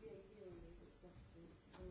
Oui.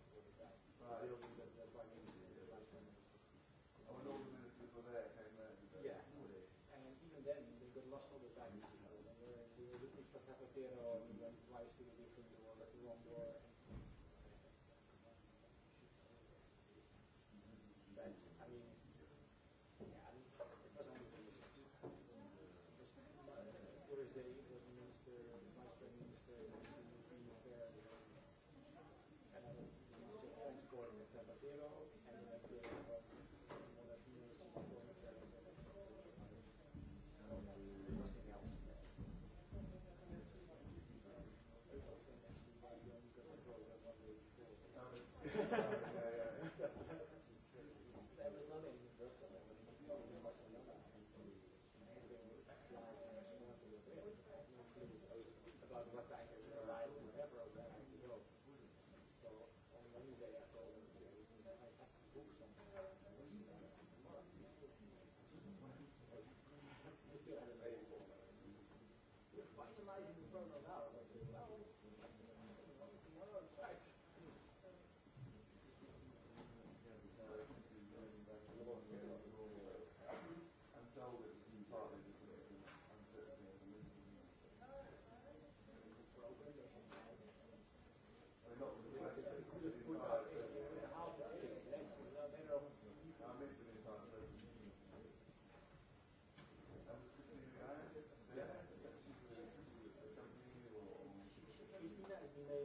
Csak hát a térre a 22 évig Thank you.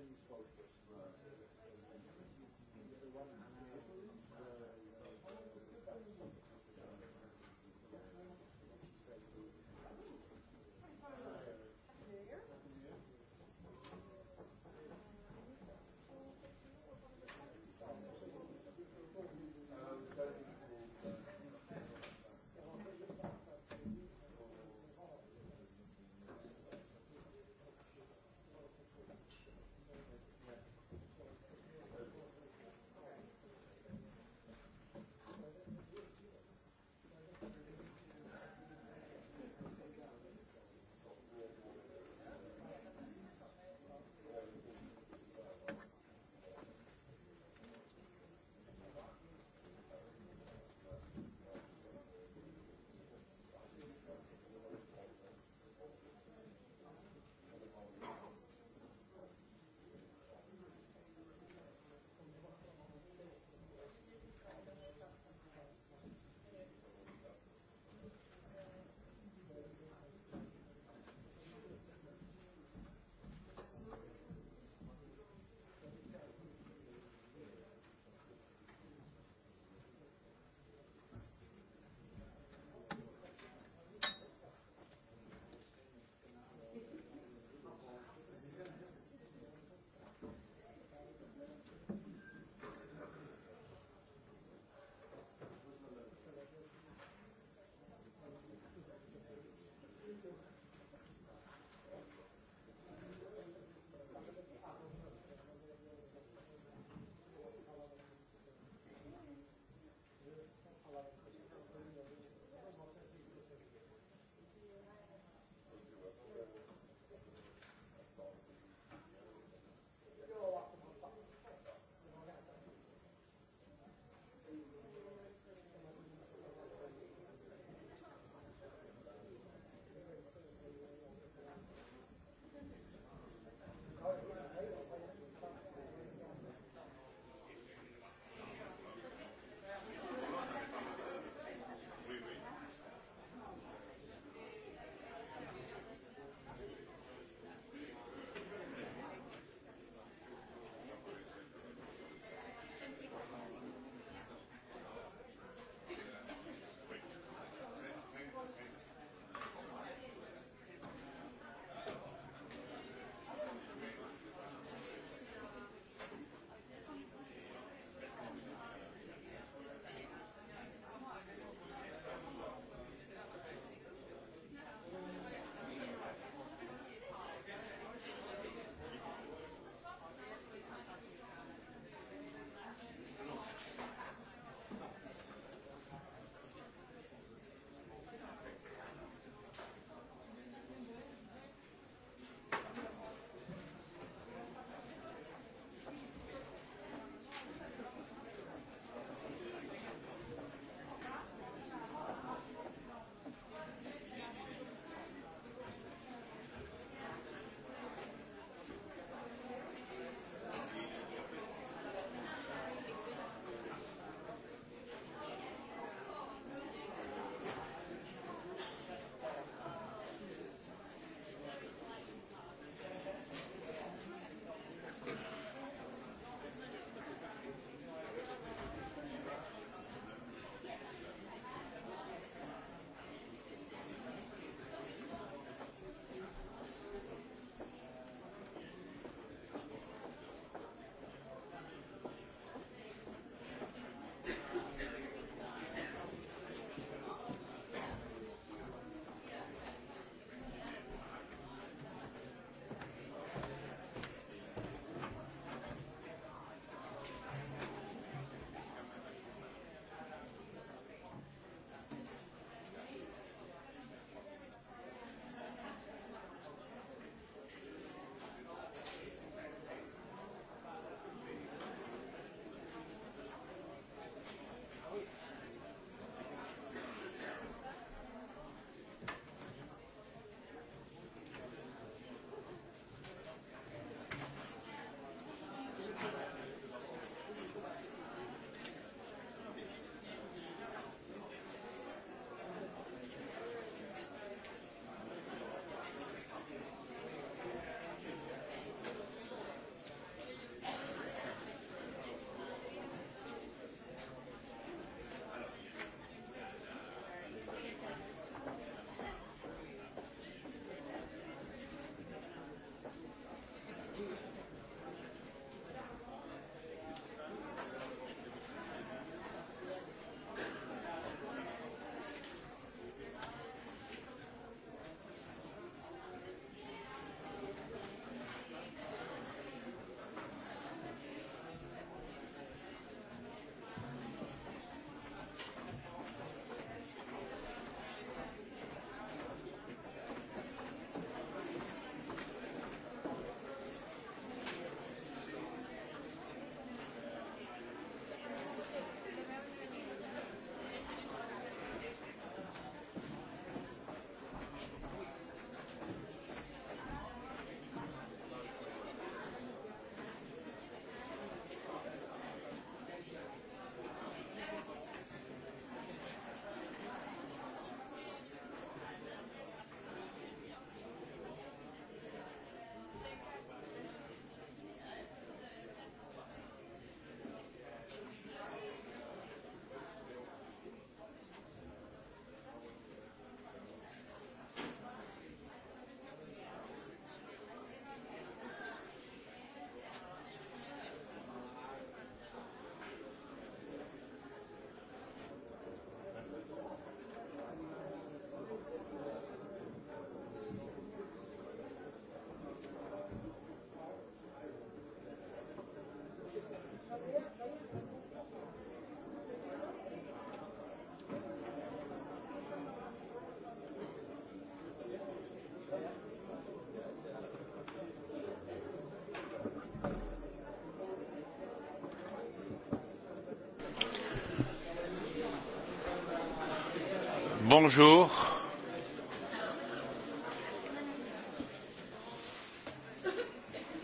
Bonjour.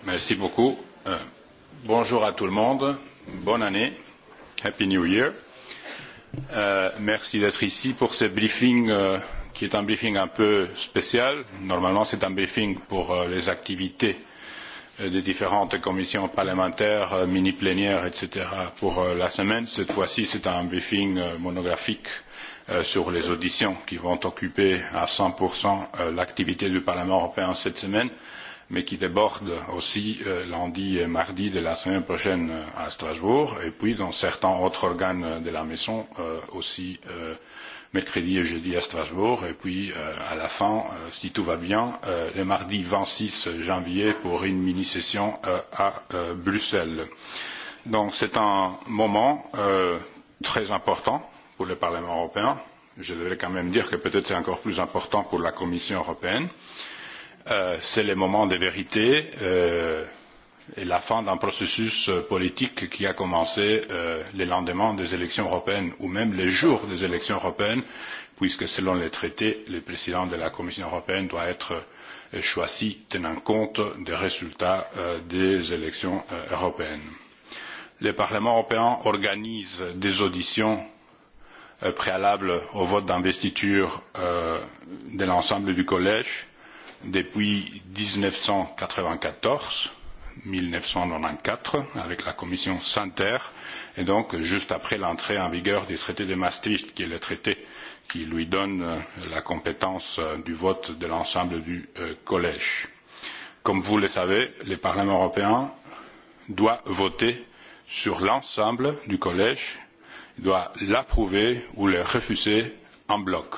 Merci beaucoup. Euh, bonjour à tout le monde. Bonne année. Happy New Year. Euh, merci d'être ici pour ce briefing euh, qui est un briefing un peu spécial. Normalement, c'est un briefing pour euh, les activités euh, des différentes commissions parlementaires, euh, mini-plénières, etc. pour euh, la semaine. Cette fois-ci, c'est un briefing euh, monographique euh, Euh, sur les auditions qui vont occuper à 100% euh, l'activité du Parlement européen cette semaine, mais qui débordent aussi euh, lundi et mardi de la semaine prochaine à Strasbourg, et puis dans certains autres organes de la maison aussi mercredi et jeudi à Strasbourg, et puis à la fin, si tout va bien, le mardi 26 janvier pour une mini-session à Bruxelles. Donc c'est un moment très important pour le Parlement européen. Je devrais quand même dire que peut-être c'est encore plus important pour la Commission européenne. Euh, c'est le moment de vérité euh, et la fin d'un processus euh, politique qui a commencé euh, le lendemain des élections européennes ou même le jour des élections européennes, puisque selon les traités, le président de la Commission européenne doit être euh, choisi tenant compte des résultats euh, des élections euh, européennes. Le Parlement européen organise des auditions euh, préalable au vote d'investiture euh, de l'ensemble du collège depuis 1994, 1994, avec la commission Santer, et donc juste après l'entrée en vigueur du traité de Maastricht, qui est le traité qui lui donne euh, la compétence euh, du vote de l'ensemble du euh, collège. Comme vous le savez, le Parlement européen doit voter sur l'ensemble du collège doit l'approuver ou le refuser en bloc.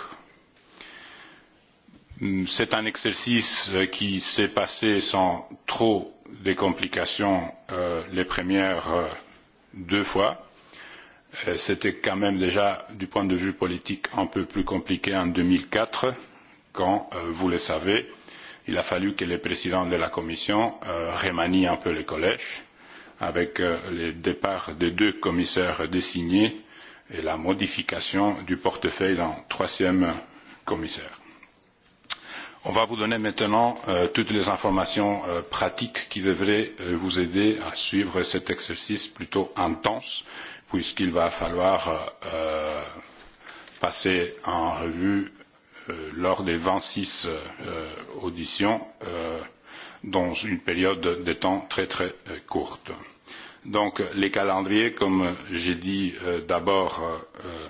Hmm, c'est un exercice euh, qui s'est passé sans trop de complications euh, les premières euh, deux fois. Euh, C'était quand même déjà, du point de vue politique, un peu plus compliqué en 2004, quand, euh, vous le savez, il a fallu que le président de la Commission euh, remanie un peu le collège, avec euh, le départ des deux commissaires désignés et la modification du portefeuille d'un troisième commissaire. On va vous donner maintenant euh, toutes les informations euh, pratiques qui devraient euh, vous aider à suivre cet exercice plutôt intense, puisqu'il va falloir euh, euh passer en revue euh, lors des 26 euh, auditions euh, dans une période de temps très très euh, courte. Euh, Donc les calendriers, comme euh, j'ai dit euh, d'abord, euh, euh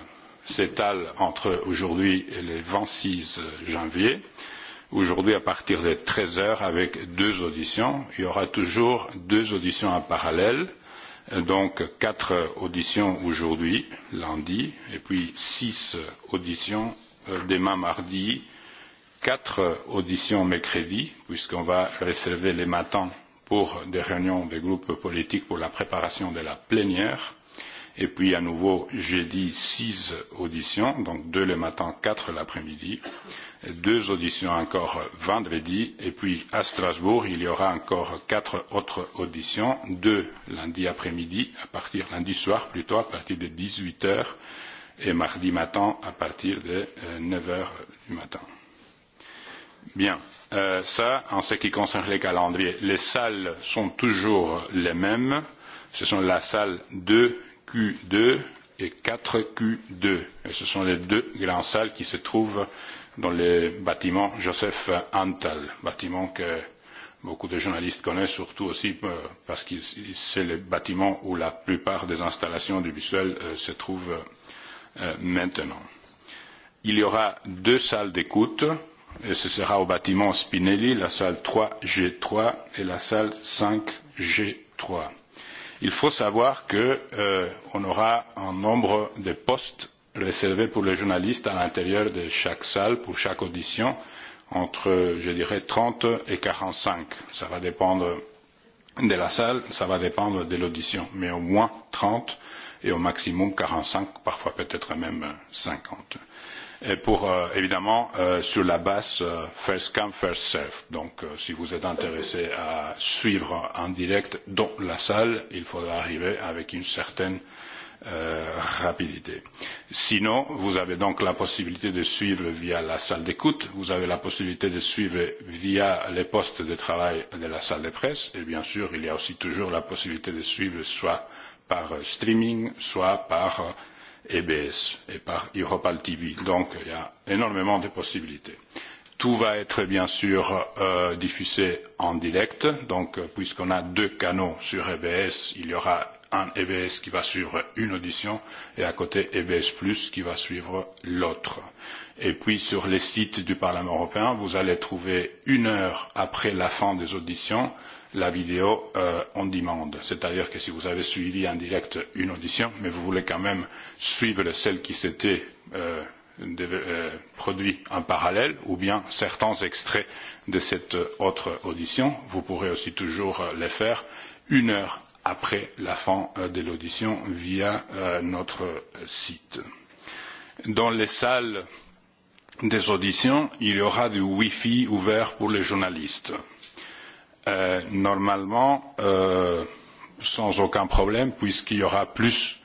s'étalent entre aujourd'hui et le 26 euh, janvier. Aujourd'hui, à partir des 13 heures, avec deux auditions, il y aura toujours deux auditions en parallèle. Donc quatre auditions aujourd'hui, lundi, et puis six auditions euh, demain mardi, quatre auditions mercredi, puisqu'on va réserver les matins euh, pour des réunions des groupes politiques pour la préparation de la plénière. Et puis à nouveau jeudi six auditions, donc deux le matin, quatre l'après-midi, deux auditions encore vendredi, et puis à Strasbourg il y aura encore quatre autres auditions, deux lundi après-midi, à partir lundi soir plutôt à partir de 18 heures, et mardi matin à partir de 9 euh, heures du matin. Bien. Euh, ça, en ce qui concerne les calendriers, les salles sont toujours les mêmes. Ce sont la salle 2Q2 et 4Q2. Et ce sont les deux grandes salles qui se trouvent dans le bâtiment Joseph Antal, bâtiment que beaucoup de journalistes connaissent, surtout aussi euh, parce que c'est le bâtiment où la plupart des installations du Bussel euh, se trouvent euh, maintenant. Il y aura deux salles d'écoute. Euh, et ce sera au bâtiment Spinelli, la salle 3G3 et la salle 5G3. Il faut savoir qu'on euh, aura un nombre de postes réservés pour les journalistes à l'intérieur de chaque salle, pour chaque audition, entre, je dirais, 30 et 45. Ça va dépendre de la salle, ça va dépendre de l'audition, mais au moins 30 et au maximum 45, parfois peut-être même 50 et pour euh, évidemment euh, sur la base euh, first come first serve. Donc euh, si vous êtes intéressé à suivre en direct dans la salle, il faudra arriver avec une certaine euh, rapidité. Sinon, vous avez donc la possibilité de suivre via la salle d'écoute, vous avez la possibilité de suivre via les postes de travail de la salle de presse, et bien sûr, il y a aussi toujours la possibilité de suivre soit par euh, streaming, soit par euh, EBS et par Europal TV. Donc il y a énormément de possibilités. Tout va être bien sûr euh, diffusé en direct. Donc puisqu'on a deux canaux sur EBS, il y aura un EBS qui va suivre une audition et à côté EBS Plus qui va suivre l'autre. Et puis sur les sites du Parlement européen, vous allez trouver une heure après la fin des auditions euh, la vidéo euh, on demand. C'est-à-dire que si vous avez suivi en direct une audition, mais vous voulez quand même suivre celle qui s'était euh, de, euh, produit en parallèle ou bien certains extraits de cette autre audition, vous pourrez aussi toujours euh, les faire une heure après la fin euh, de l'audition via euh, notre site. Dans les salles des auditions, il y aura du Wi-Fi ouvert pour les journalistes euh, normalement euh, sans aucun problème puisqu'il y aura plus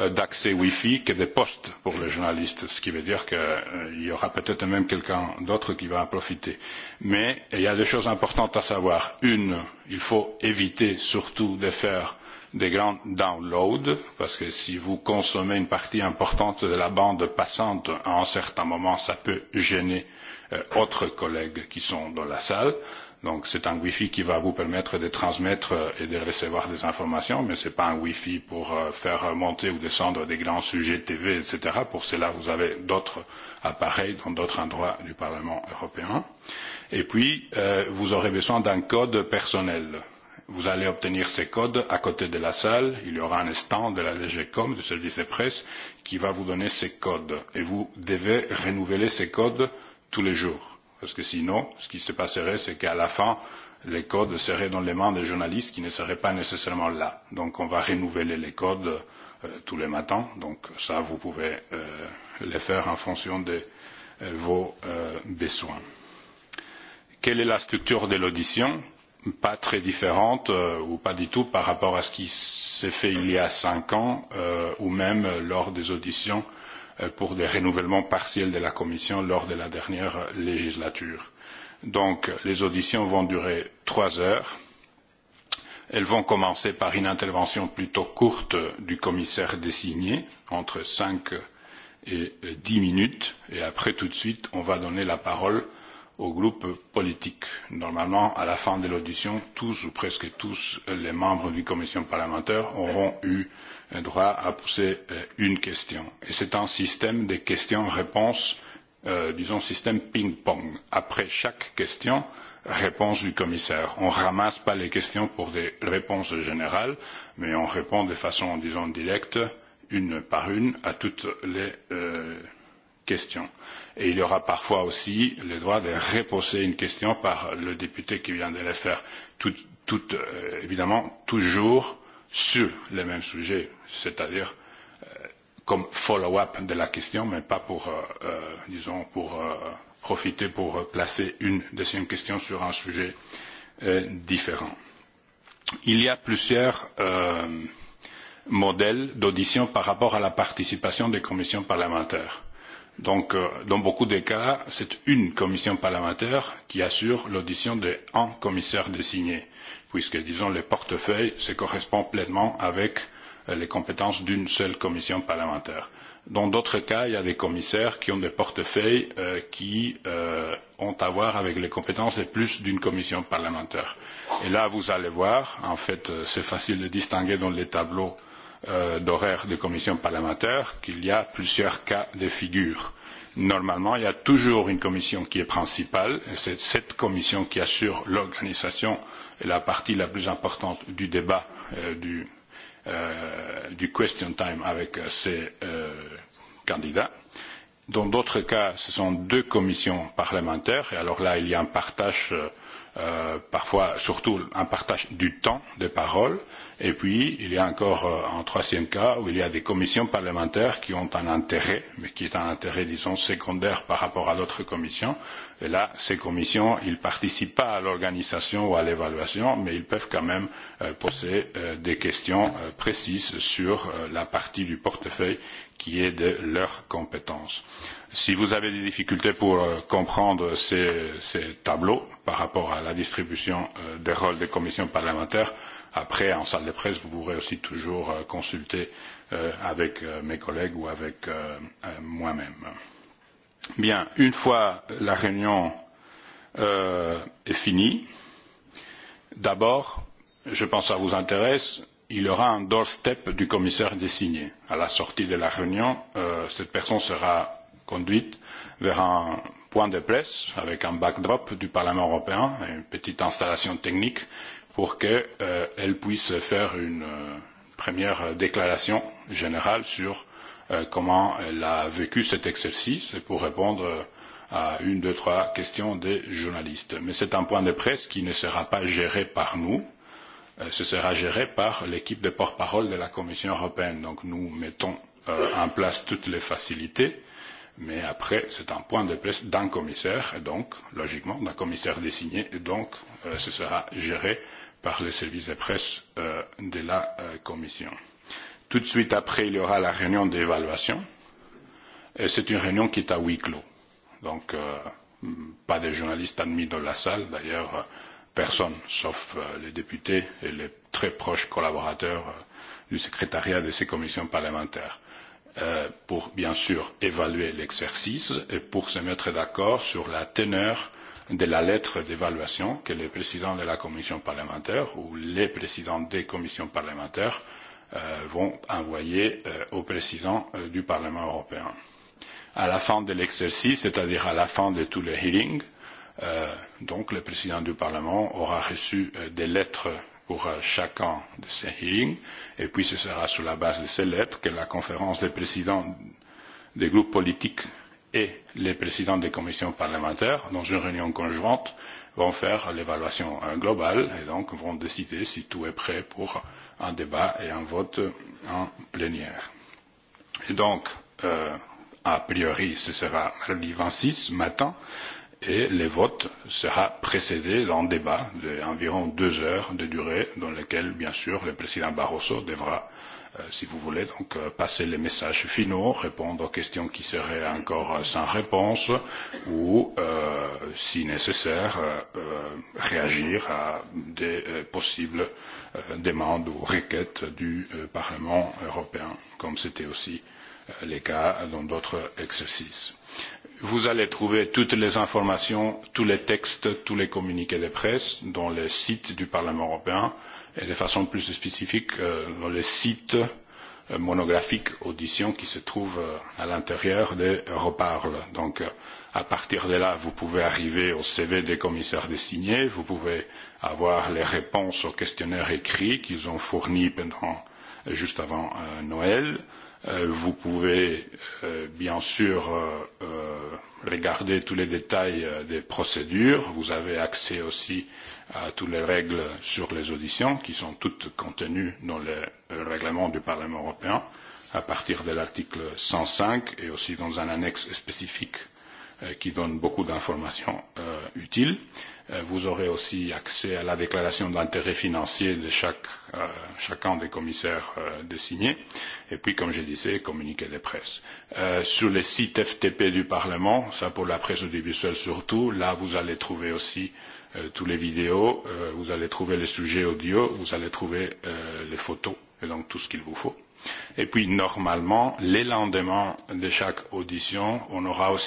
euh, d'accès Wi-Fi que des postes pour les journalistes, ce qui veut dire qu'il euh, y aura peut-être même quelqu'un d'autre qui va en profiter. Mais il y a des choses importantes à savoir. Une, il faut éviter surtout de faire des grands downloads, parce que si vous consommez une partie importante de la bande passante, à un certain moment, ça peut gêner euh, autres collègues qui sont dans la salle. Euh, Donc c'est un Wi-Fi qui va vous permettre de transmettre et de recevoir des informations, mais ce n'est pas un Wi-Fi pour euh, faire monter ou descendre des grands sujets TV, etc. Pour cela, vous avez d'autres appareils dans d'autres endroits du Parlement européen. Et puis, euh, vous aurez besoin d'un code personnel. Vous allez obtenir ces codes à côté de la salle. Il y aura un stand de la DGCOM, du service de presse, qui va vous donner ces codes. Et vous devez renouveler ces codes tous les jours Parce que sinon, ce qui se passerait, c'est qu'à la fin, les codes seraient dans les mains des journalistes qui ne seraient pas nécessairement là. Donc on va renouveler les codes euh, tous les matins. Donc ça, vous pouvez euh, les faire en fonction de euh, vos euh, besoins. Quelle est la structure de l'audition Pas très différente euh, ou pas du tout par rapport à ce qui s'est fait il y a cinq ans euh, ou même lors des auditions euh, Euh, pour des renouvellements partiels de la Commission lors de la dernière législature. Donc, les auditions vont durer trois heures. Elles vont commencer par une intervention plutôt courte du commissaire désigné, entre 5 et 10 minutes, et après tout de suite, on va donner la parole aux groupes politiques. Normalement, à la fin de l'audition, tous ou presque tous les membres d'une commission parlementaire auront eu droit à poser euh, une question. Et c'est un système de questions-réponses, euh, disons système ping-pong. Après chaque question, réponse du commissaire. On ne ramasse pas les questions pour des réponses générales, mais on répond de façon, disons, directe, une par une, à toutes les euh, question. Et il y aura parfois aussi le droit de reposer une question par le député qui vient de le faire. Tout, tout, euh, évidemment, toujours sur le même sujet, c'est-à-dire euh, comme follow-up de la question, mais pas pour, euh, euh, disons, pour euh, profiter pour placer une deuxième question sur un sujet euh, différent. Il y a plusieurs euh, modèles d'audition par rapport à la participation des commissions parlementaires Donc, euh, dans beaucoup de cas, c'est une commission parlementaire qui assure l'audition d'un commissaire désigné, puisque, disons, le portefeuille se correspond pleinement avec euh, les compétences d'une seule commission parlementaire. Dans d'autres cas, il y a des commissaires qui ont des portefeuilles euh, qui euh, ont à voir avec les compétences de plus d'une commission parlementaire. Et là, vous allez voir, en fait, euh, c'est facile de distinguer dans les tableaux euh, euh, d'horaire de commission parlementaire qu'il y a plusieurs cas de figure. Normalement, il y a toujours une commission qui est principale et c'est cette commission qui assure l'organisation et la partie la plus importante du débat euh, du, euh, du question time avec euh, ces euh, candidats. Dans d'autres cas, ce sont deux commissions parlementaires et alors là, il y a un partage euh, euh, parfois surtout un partage du temps de parole. Et puis, il y a encore euh, un troisième cas où il y a des commissions parlementaires qui ont un intérêt, mais qui est un intérêt, disons, secondaire par rapport à d'autres commissions. Et là, ces commissions, ils ne participent pas à l'organisation ou à l'évaluation, mais ils peuvent quand même euh, poser euh, des questions euh, précises sur euh, la partie du portefeuille qui est de leurs compétences. Si vous avez des difficultés pour euh, comprendre ces, ces tableaux, par rapport à la distribution euh, des rôles des commissions parlementaires. Après, en salle de presse, vous pourrez aussi toujours euh, consulter euh, avec euh, mes collègues ou avec euh, euh, moi-même. Bien, une fois la réunion euh, est finie, d'abord, je pense que ça vous intéresse, il y aura un doorstep du commissaire désigné. À la sortie de la réunion, euh, cette personne sera conduite vers un point de presse avec un backdrop du Parlement européen et une petite installation technique pour qu'elle euh, puisse faire une euh, première déclaration générale sur euh, comment elle a vécu cet exercice pour répondre euh, à une, deux, trois questions des journalistes. Mais c'est un point de presse qui ne sera pas géré par nous, euh, ce sera géré par l'équipe de porte-parole de la Commission européenne. Donc nous mettons euh, en place toutes les facilités Mais après, c'est un point de presse d'un commissaire, et donc, logiquement, d'un commissaire désigné, et donc, euh, ce sera géré par les services de presse euh, de la euh, Commission. Tout de suite après, il y aura la réunion d'évaluation, et c'est une réunion qui est à huis clos. Donc, euh, pas de journalistes admis dans la salle, d'ailleurs, euh, personne, sauf euh, les députés et les très proches collaborateurs euh, du secrétariat de ces commissions parlementaires Euh, pour bien sûr évaluer l'exercice et pour se mettre d'accord sur la teneur de la lettre d'évaluation que le président de la commission parlementaire ou les présidents des commissions parlementaires euh, vont envoyer euh, au président euh, du Parlement européen. À la fin de l'exercice, c'est-à-dire à la fin de tous les hearings, euh, donc le président du Parlement aura reçu euh, des lettres pour euh, chacun de ces hearings. Et puis, ce sera sur la base de ces lettres que la conférence des présidents des groupes politiques et les présidents des commissions parlementaires, dans une réunion conjointe, vont faire l'évaluation euh, globale et donc vont décider si tout est prêt pour un débat et un vote en plénière. Et donc, euh, a priori, ce sera mardi 26 matin, et le vote sera précédé d'un débat d'environ deux heures de durée dans lequel, bien sûr, le président Barroso devra, euh, si vous voulez, donc euh, passer les messages finaux, répondre aux questions qui seraient encore sans réponse ou, euh, si nécessaire, euh, euh réagir à des euh, possibles euh, demandes ou requêtes du euh, Parlement européen, comme c'était aussi euh, le cas dans d'autres exercices. Vous allez trouver toutes les informations, tous les textes, tous les communiqués de presse dans le site du Parlement européen et de façon plus spécifique euh, dans le site euh, monographique audition qui se trouve euh, à l'intérieur de Reparle. Donc euh, à partir de là, vous pouvez arriver au CV des commissaires désignés, vous pouvez avoir les réponses aux questionnaires écrits qu'ils ont fournis pendant, euh, juste avant euh, Noël. Euh, vous pouvez euh, bien sûr euh, regardez tous les détails euh, des procédures. Vous avez accès aussi à toutes les règles sur les auditions qui sont toutes contenues dans le euh, règlement du Parlement européen à partir de l'article 105 et aussi dans un annexe spécifique euh, qui donne beaucoup d'informations euh, utiles. Euh, Euh, vous aurez aussi accès à la déclaration d'intérêt financier de chaque, euh, chacun des commissaires euh, désignés, et puis, comme je disais, communiqué de presse. Euh, sur le site FTP du Parlement, ça pour la presse audiovisuelle surtout, là vous allez trouver aussi euh, tous les vidéos, euh, vous allez trouver les sujets audio, vous allez trouver euh, les photos, et donc tout ce qu'il vous faut. Et puis, normalement, les lendemains de chaque audition, on aura aussi